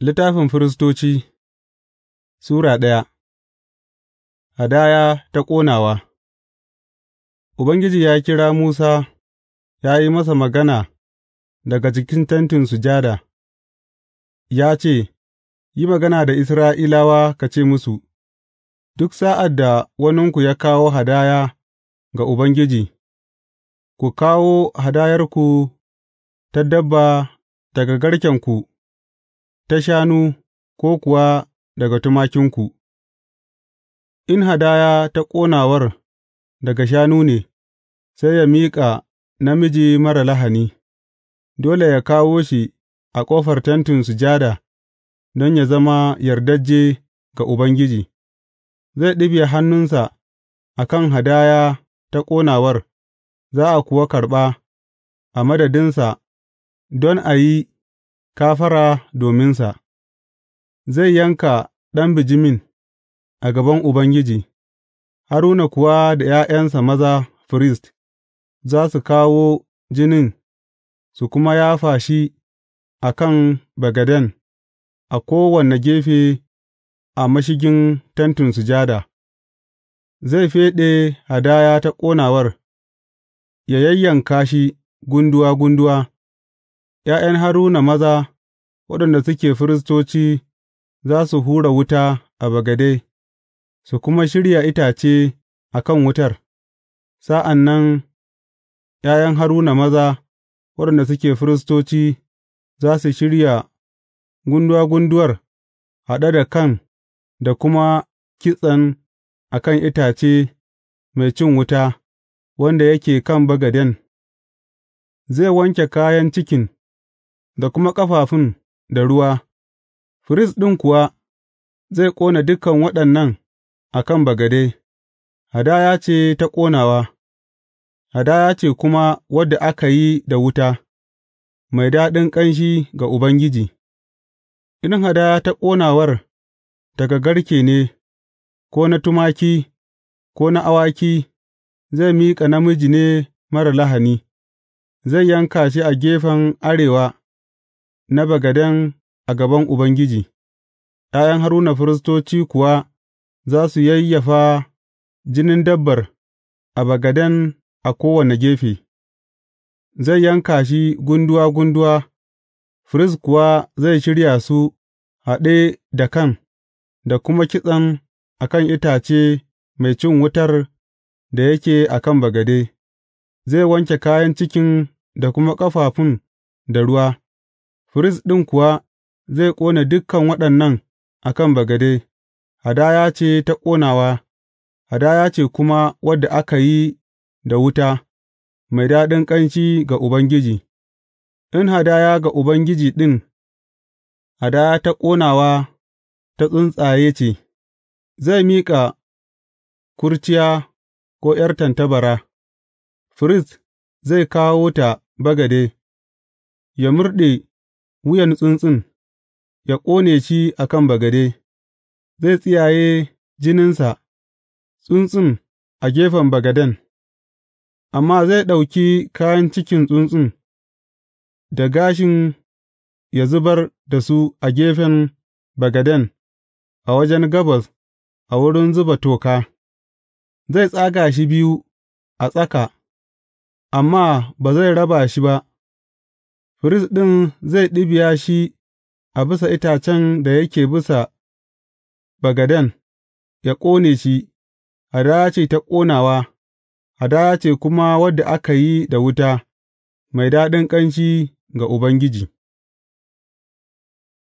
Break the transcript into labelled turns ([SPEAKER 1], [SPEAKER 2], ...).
[SPEAKER 1] Littafin Firistoci Sura ɗaya, Hadaya ta ƙonawa Ubangiji ya kira Musa ya yi masa magana daga cikin Tentin Sujada, ya ce, Yi magana da Isra'ilawa ka ce musu, Duk sa'ad da waninku ya kawo hadaya ga Ubangiji, ku kawo hadayarku ta dabba daga garkenku. ta shanu ko kuwa daga tumakinku, in hadaya ta ƙonawar daga shanu ne, sai ya miƙa namiji marar lahani, dole ya kawo shi a ƙofar Tentin Sujada don ya zama yardajje ga Ubangiji, zai ɗibiya hannunsa a kan hadaya ta ƙonawar, za a kuwa karɓa a madadinsa don a yi kafara dominsa, zai yanka ɗan bijimin a gaban Ubangiji, Haruna kuwa da ’ya'yansa maza firist, za su kawo jinin su kuma yafa shi a kan bagaden a kowane gefe a mashigin Tentin Sujada, zai feɗe hadaya ta ƙonawar, ya yayyanka shi gunduwa gunduwa. ’Ya'yan Haruna maza waɗanda suke firistoci za su hura wuta a bagade, su kuma shirya itace a kan wutar, sa'an nan ’ya'yan Haruna maza waɗanda suke firistoci za su shirya gunduwa gunduwar haɗe da kan da kuma kitsen a kan itace mai cin wuta wanda yake kan bagaden, zai wanke kayan cikin. da kuma ƙafafun da ruwa, firist ɗin kuwa zai ƙona dukan waɗannan a kan bagade, hadaya ce ta ƙonawa, hadaya ce kuma wadda aka yi da wuta, mai daɗin ƙanshi ga Ubangiji, in hadaya ta ƙonawar daga garke ne, ko na tumaki, ko na awaki, zai miƙa namiji ne marar lahani, zai yanka shi a gefen arewa. na bagaden a gaban Ubangiji, ’ya'yan Haruna firistoci kuwa za su yayyafa jinin dabbar a bagaden a kowane gefe, zai yanka shi gunduwa gunduwa, firist kuwa zai shirya su haɗe da kan, da kuma kitsen a kan itace mai cin wutar da yake a kan bagade, zai wanke kayan cikin da kuma ƙafafun da ruwa. firist ɗin kuwa zai ƙone dukan waɗannan a kan bagade, hadaya ce ta ƙonawa, hadaya ce kuma wadda aka yi da wuta, mai daɗin ƙanshi ga Ubangiji, in hadaya ga Ubangiji ɗin, hadaya ta ƙonawa ta tsuntsaye ce, zai miƙa kurciya ko ’yar tantabara, firist zai kawo ta bagade, ya murɗe wuyan tsuntsun, ya ƙone shi a kan bagade, zai tsiyaye jininsa tsuntsun a gefen bagaden, amma zai ɗauki kayan cikin tsuntsun da gashin ya zubar da su a gefen bagaden a wajen gabas a wurin zuba toka, zai tsaga shi biyu a tsaka, amma ba zai raba shi ba. firist ɗin zai ɗibiya shi a bisa itacen da yake bisa bagaden, ya ƙone shi, hadaya ce ta ƙonawa, hadaya ce kuma wadda aka yi da wuta, mai daɗin ƙanshi ga Ubangiji.